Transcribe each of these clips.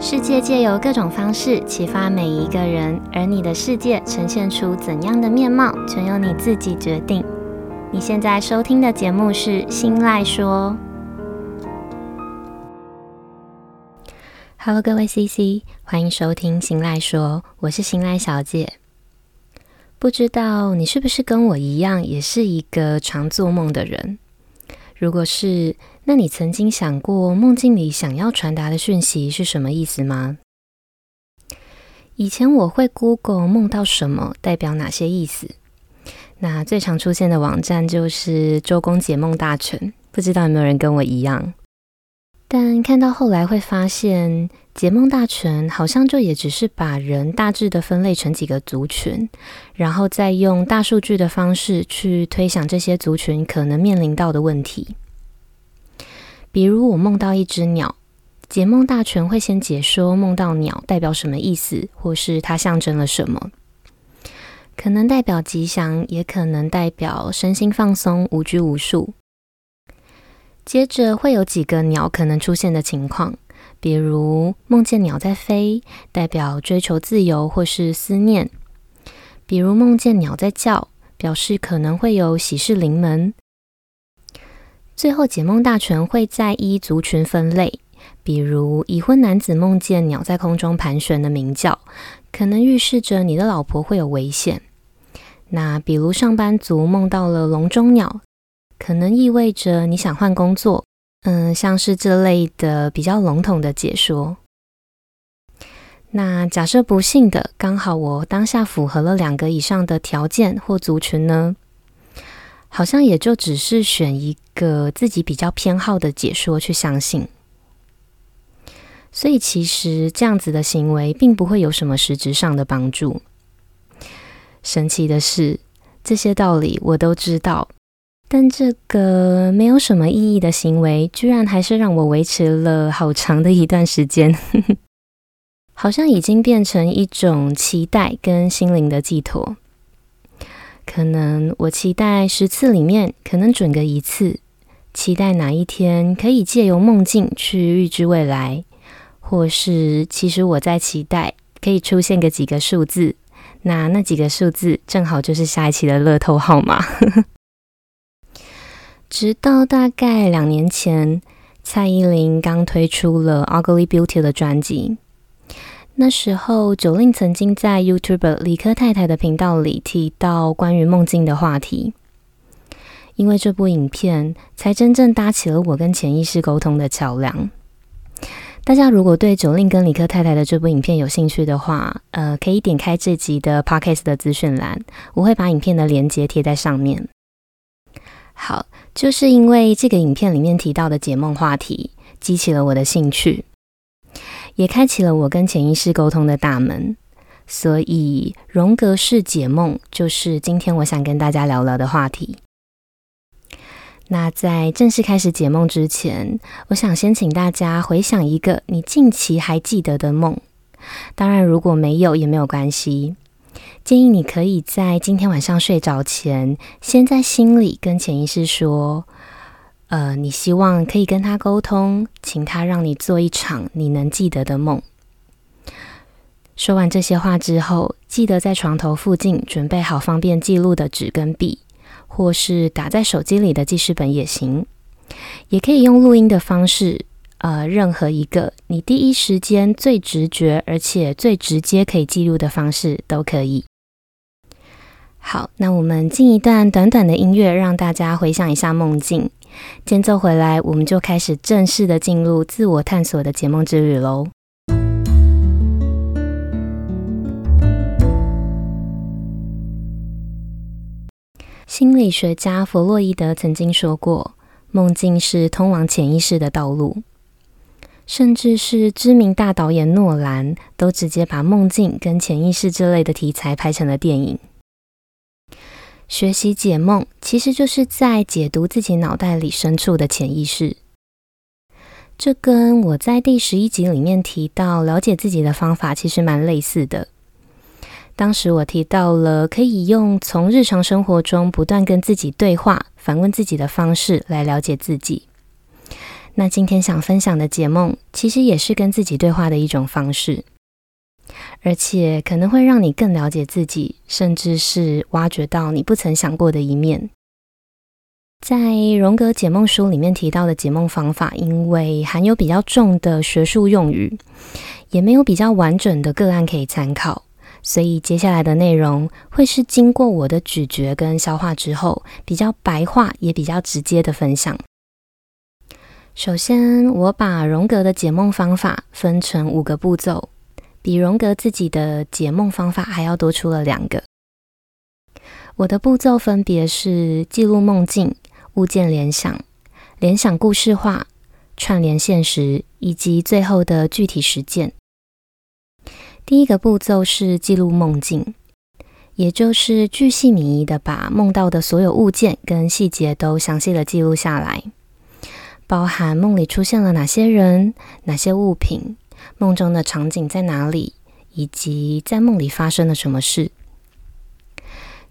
世界借由各種方式啟發每一個人，而你的世界呈現出怎樣的面貌，全由你自己決定。你現在收聽的節目是《心賴說》。Hello，各位 CC，歡迎收聽《心賴說》，我是心賴小姐。不知道你是不是跟我一樣，也是一個常做夢的人？如果是，那你曾經想過夢境裡想要傳達的訊息是什麼意思嗎？以前我會 Google 夢到什麼代表哪些意思。那最常出現的網站就是《周公解夢大全》，不知道有沒有人跟我一樣？但看到後來會發現，《解夢大全》好像就也只是把人大致的分類成幾個族群，然後再用大數據的方式去推想這些族群可能面臨到的問題。比如我夢到一隻鳥，解夢大全會先解說夢到鳥代表什麼意思，或是它象徵了什麼，可能代表吉祥，也可能代表身心放鬆、無拘無束。接着會有幾個鳥可能出現的情況，比如夢見鳥在飛，代表追求自由或是思念；比如夢見鳥在叫，表示可能會有喜事臨門。最後，解夢大全會再依族群分類，比如已婚男子夢見鳥在空中盤旋的鳴叫，可能預示着你的老婆會有危險。那比如上班族夢到了籠中鳥，可能意味着你想換工作。嗯、呃，像是這類的比較籠統的解說。那假設不幸的，剛好我當下符合了兩個以上的條件或族群呢？好像也就只是選一個自己比較偏好的解說去相信，所以其實這樣子的行為並不會有什麼實質上的幫助。神奇的是，這些道理我都知道，但這個沒有什麼意義的行為，居然還是讓我維持了好長的一段時間， 好像已經變成一種期待跟心靈的寄托。可能我期待十次裡面可能準個一次，期待哪一天可以借由夢境去預知未來，或是其實我在期待可以出現個幾個數字，那那幾個數字正好就是下一期的樂透號碼。 直到大概兩年前，蔡依林剛推出了《Ugly Beauty》的專輯。那時候，Jolin 曾經在 YouTube 理科太太的頻道裡提到關於夢境的話題，因為這部影片才真正搭起了我跟潛意識溝通的橋樑。大家如果對 Jolin 跟理科太太的這部影片有興趣的話，呃，可以點開這集的 Podcast 的資訊欄，我會把影片的鏈接貼在上面。好，就是因為這個影片裡面提到的解夢話題，激起了我的興趣。也開啟了我跟潛意識溝通的大門，所以榮格式解夢就是今天我想跟大家聊聊的話題。那在正式開始解夢之前，我想先請大家回想一個你近期還記得的夢，當然如果沒有也沒有關係，建議你可以在今天晚上睡着前，先在心裡跟潛意識說。呃，你希望可以跟他溝通，請他讓你做一場你能記得的夢。說完這些話之後，記得在床頭附近準備好方便記錄的紙跟筆，或是打在手機裡的記事本也行，也可以用錄音的方式。呃，任何一個你第一時間最直覺而且最直接可以記錄的方式都可以。好，那我們進一段短短的音樂，讓大家回想一下夢境。間奏回來，我們就開始正式的進入自我探索的解夢之旅嘍。心理學家弗洛伊德曾經說過，夢境是通往潛意識的道路，甚至是知名大導演諾蘭都直接把夢境跟潛意識之類的題材拍成了電影。學習解夢，其實就是在解讀自己腦袋裡深處的潛意識。這跟我在第十一集裡面提到了解自己的方法其實蠻類似的。當時我提到了可以用從日常生活中不斷跟自己對話、反問自己的方式來了解自己。那今天想分享的解夢，其實也是跟自己對話的一種方式。而且可能會讓你更了解自己，甚至是挖掘到你不曾想過的一面。在榮格解夢書裡面提到的解夢方法，因為含有比較重的學術用語，也沒有比較完整的個案可以參考，所以接下來的內容會是經過我的咀嚼跟消化之後，比較白話也比較直接的分享。首先，我把榮格的解夢方法分成五個步驟。比榮格自己的解夢方法還要多出了兩個。我的步驟分別是：記錄夢境、物件聯想、聯想故事化、串聯現實，以及最後的具體實踐。第一個步驟是記錄夢境，也就是巨細靡遺的把夢到的所有物件跟細節都詳細的記錄下來，包含夢裡出現了哪些人、哪些物品。夢中的場景在哪裡，以及在夢裡發生了什麼事？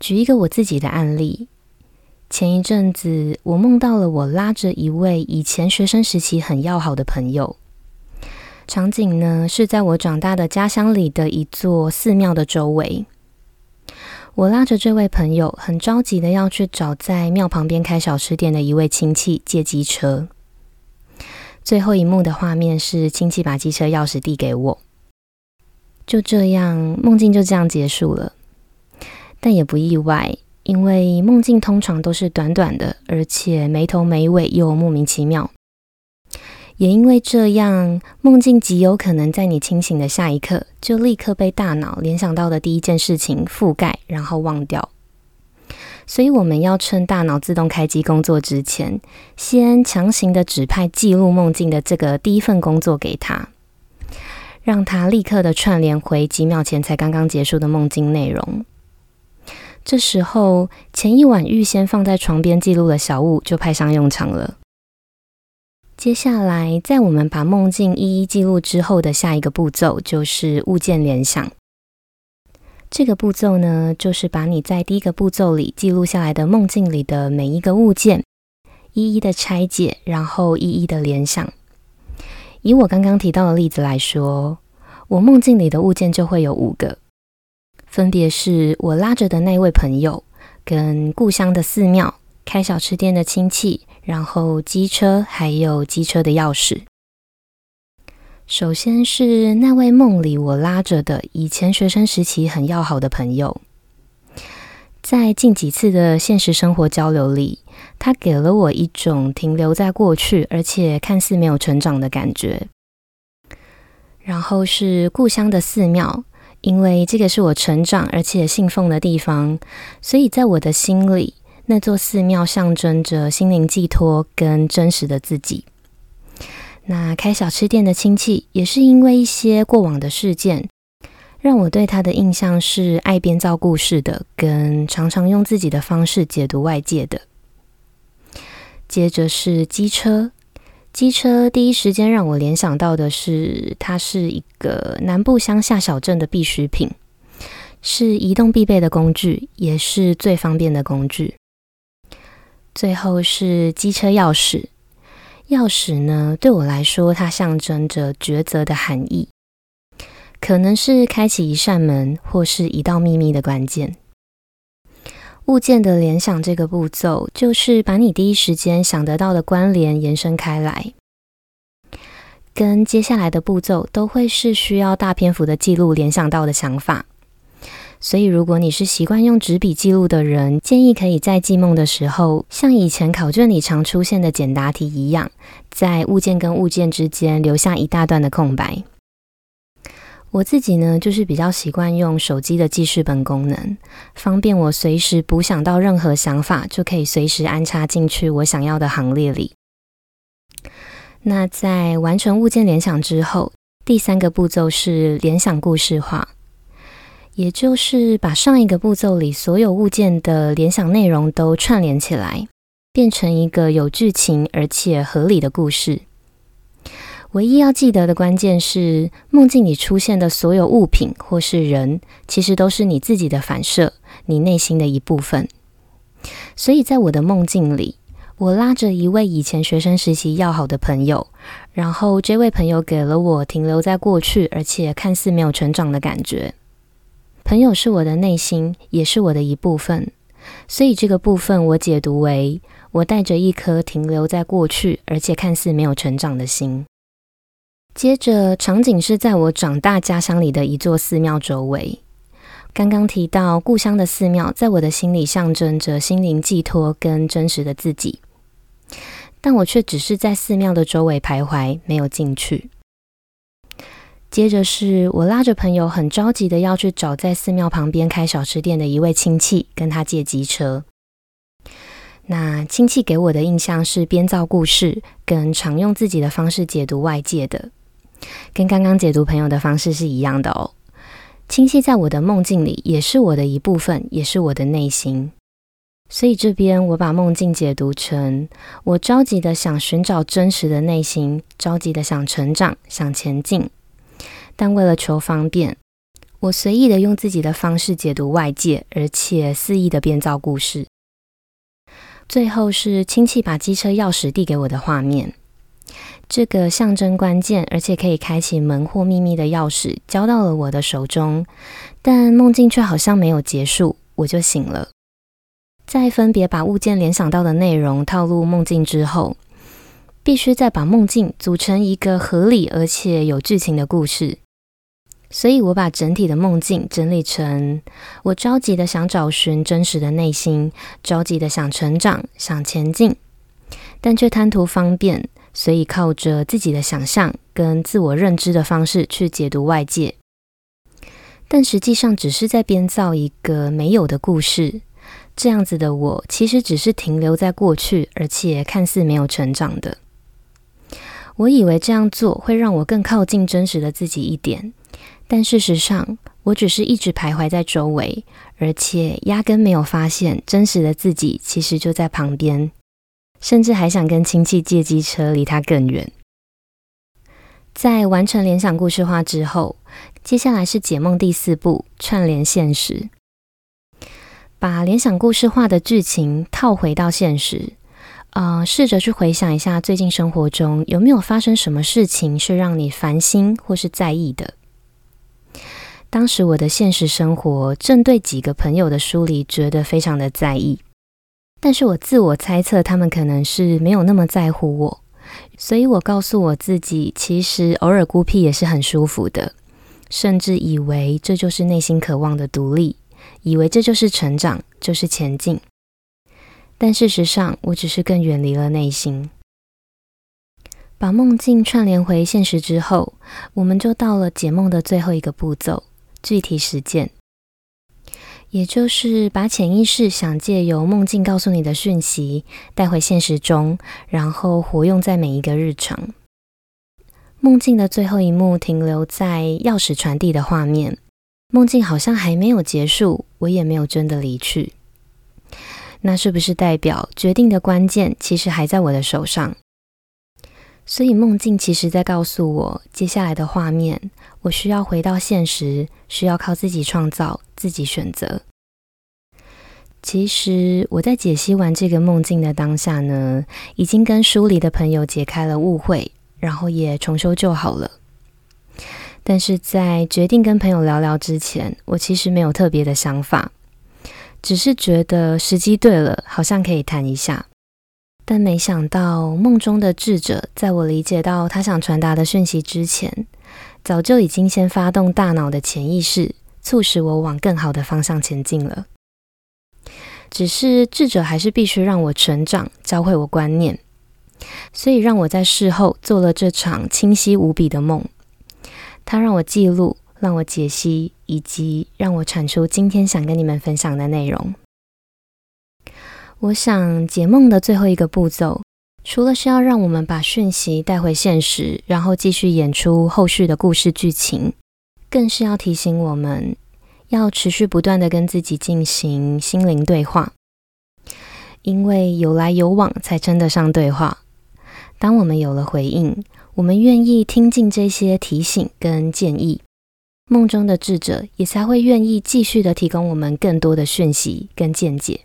舉一個我自己的案例，前一陣子我夢到了我拉着一位以前學生時期很要好的朋友，場景呢，是在我長大的家鄉裡的一座寺廟的周圍，我拉着這位朋友很着急的要去找在廟旁邊開小吃店的一位親戚借機車。最後一幕的畫面是親戚把機車鑰匙遞給我，就這樣，夢境就這樣結束了。但也不意外，因為夢境通常都是短短的，而且沒頭沒尾又莫名其妙。也因為這樣，夢境極有可能在你清醒的下一刻就立刻被大腦聯想到的第一件事情覆蓋，然後忘掉。所以我們要趁大腦自動開機工作之前，先強行的指派記錄夢境的這個第一份工作給他，讓他立刻的串聯回幾秒前才剛剛結束的夢境內容。這時候，前一晚預先放在床邊記錄的小物就派上用場了。接下來，在我們把夢境一一記錄之後的下一個步驟，就是物件聯想。這個步驟呢，就是把你在第一個步驟裡記錄下來的夢境裡的每一個物件，一一的拆解，然後一一的聯想。以我剛剛提到的例子來說，我夢境裡的物件就會有五個，分別是我拉着的那位朋友、跟故鄉的寺廟、開小吃店的親戚、然後機車，還有機車的鑰匙。首先是那位夢裡我拉着的以前學生時期很要好的朋友，在近幾次的現實生活交流裡，他給了我一種停留在過去而且看似沒有成長的感覺。然後是故鄉的寺廟，因為這個是我成長而且信奉的地方，所以在我的心裡，那座寺廟象徵着心靈寄託跟真實的自己。那開小吃店的親戚也是因為一些過往的事件，讓我對他的印象是愛編造故事的，跟常常用自己的方式解讀外界的。接着是機車，機車第一時間讓我聯想到的是，它是一個南部鄉下小鎮的必需品，是移動必備的工具，也是最方便的工具。最後是機車鑰匙。鑰匙呢？對我來說，它象徵着抉擇的含義，可能是開啟一扇門或是一道秘密的關鍵。物件的聯想這個步驟，就是把你第一時間想得到的關聯延伸開來，跟接下來的步驟都會是需要大篇幅的記錄聯想到的想法。所以，如果你是習慣用紙筆記錄的人，建議可以在記夢的時候，像以前考卷裡常出現的簡答題一樣，在物件跟物件之間留下一大段的空白。我自己呢，就是比較習慣用手機的記事本功能，方便我隨時補想到任何想法，就可以隨時安插進去我想要的行列裡。那在完成物件聯想之後，第三個步驟是聯想故事化。也就是把上一個步驟裡所有物件的聯想內容都串聯起來，變成一個有劇情而且合理的故事。唯一要記得的關鍵是，夢境裡出現的所有物品或是人，其實都是你自己的反射，你內心的一部分。所以在我的夢境裡，我拉着一位以前學生時期要好的朋友，然後這位朋友給了我停留在過去而且看似沒有成長的感覺。朋友是我的內心，也是我的一部分，所以這個部分我解讀為我帶着一顆停留在過去，而且看似沒有成長的心。接着，場景是在我長大家鄉裡的一座寺廟周圍。剛剛提到故鄉的寺廟，在我的心裡象徵着心靈寄托跟真實的自己，但我卻只是在寺廟的周圍徘徊，沒有進去。接着是我拉着朋友，很着急的要去找在寺廟旁邊開小吃店的一位親戚，跟他借機車。那親戚給我的印象是編造故事，跟常用自己的方式解讀外界的，跟剛剛解讀朋友的方式是一樣的哦。親戚在我的夢境裡也是我的一部分，也是我的內心。所以這邊我把夢境解讀成我着急的想尋找真實的內心，着急的想成長，想前進。但為了求方便，我隨意的用自己的方式解讀外界，而且肆意的編造故事。最後是親戚把機車鑰匙遞給我的畫面，這個象徵關鍵，而且可以開啟門或秘密的鑰匙交到了我的手中。但夢境卻好像沒有結束，我就醒了。在分別把物件聯想到的內容套入夢境之後，必須再把夢境組成一個合理而且有劇情的故事。所以，我把整體的夢境整理成：我着急的想找尋真實的內心，着急的想成長、想前進，但卻貪圖方便，所以靠着自己的想象跟自我認知的方式去解讀外界，但實際上只是在編造一個沒有的故事。這樣子的我，其實只是停留在過去，而且看似沒有成長的。我以為這樣做會讓我更靠近真實的自己一點。但事實上，我只是一直徘徊在周圍，而且壓根沒有發現真實的自己其實就在旁邊，甚至還想跟親戚借機車離他更遠。在完成聯想故事化之後，接下來是解夢第四步：串聯現實，把聯想故事化的劇情套回到現實。呃，試着去回想一下，最近生活中有沒有發生什麼事情是讓你煩心或是在意的？當時我的現實生活正對幾個朋友的疏離覺得非常的在意，但是我自我猜測他們可能是沒有那麼在乎我，所以我告訴我自己，其實偶爾孤僻也是很舒服的，甚至以為這就是內心渴望的獨立，以為這就是成長，就是前進。但事實上，我只是更遠離了內心。把夢境串聯回現實之後，我們就到了解夢的最後一個步驟。具體實踐，也就是把潛意識想借由夢境告訴你的訊息帶回現實中，然後活用在每一個日常。夢境的最後一幕停留在鑰匙傳遞的畫面，夢境好像還沒有結束，我也沒有真的離去。那是不是代表決定的關鍵其實還在我的手上？所以夢境其實在告訴我，接下來的畫面我需要回到現實，需要靠自己創造、自己選擇。其實我在解析完這個夢境的當下呢，已經跟疏離的朋友解開了誤會，然後也重修舊好了。但是在決定跟朋友聊聊之前，我其實沒有特別的想法，只是覺得時機對了，好像可以談一下。但沒想到，夢中的智者在我理解到他想傳達的訊息之前，早就已經先發動大腦的潛意識，促使我往更好的方向前進了。只是智者還是必須讓我成長，教會我觀念，所以讓我在事後做了這場清晰無比的夢。他讓我記錄，讓我解析，以及讓我產出今天想跟你們分享的內容。我想解夢的最後一個步驟，除了是要讓我們把訊息帶回現實，然後繼續演出後續的故事劇情，更是要提醒我們要持續不斷的跟自己進行心靈對話，因為有來有往才稱得上對話。當我們有了回應，我們願意聽進這些提醒跟建議，夢中的智者也才會願意繼續的提供我們更多的訊息跟見解。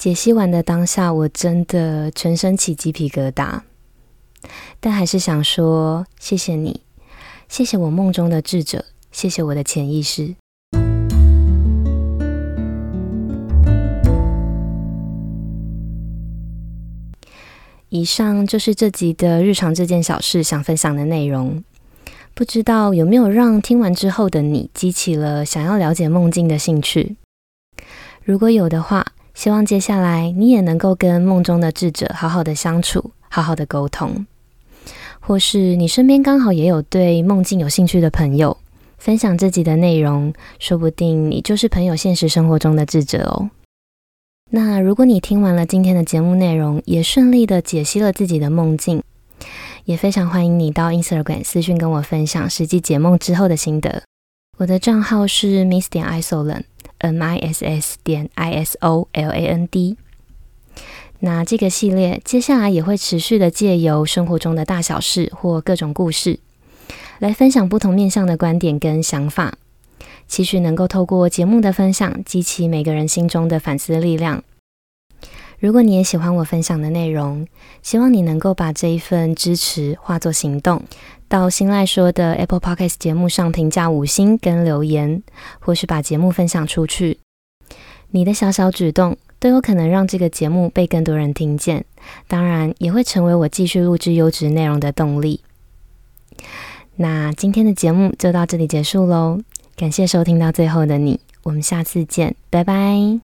解析完的當下，我真的全身起雞皮疙瘩，但還是想說謝謝你，謝謝我夢中的智者，謝謝我的潛意識。以上就是這集的日常這件小事想分享的內容，不知道有沒有讓聽完之後的你激起了想要了解夢境的興趣？如果有的話。希望接下來你也能夠跟夢中的智者好好的相處，好好的溝通，或是你身邊剛好也有對夢境有興趣的朋友，分享自己的內容，說不定你就是朋友現實生活中的智者哦。那如果你聽完了今天的節目內容，也順利的解析了自己的夢境，也非常歡迎你到 Instagram 私訊跟我分享實際解夢之後的心得。我的賬號是 Miss 點 isoland。M I S S 點 I S O L A N D。那這個系列接下來也會持續的借由生活中的大小事或各種故事，來分享不同面向的觀點跟想法，期許能夠透過節目的分享，激起每個人心中的反思力量。如果你也喜歡我分享的內容，希望你能夠把這一份支持化作行動，到心賴說的 Apple Podcast 節目上評價五星跟留言，或是把節目分享出去。你的小小舉動都有可能讓這個節目被更多人聽見，當然也會成為我繼續錄製優質內容的動力。那今天的節目就到這裡結束嘍，感謝收聽到最後的你，我們下次見，拜拜。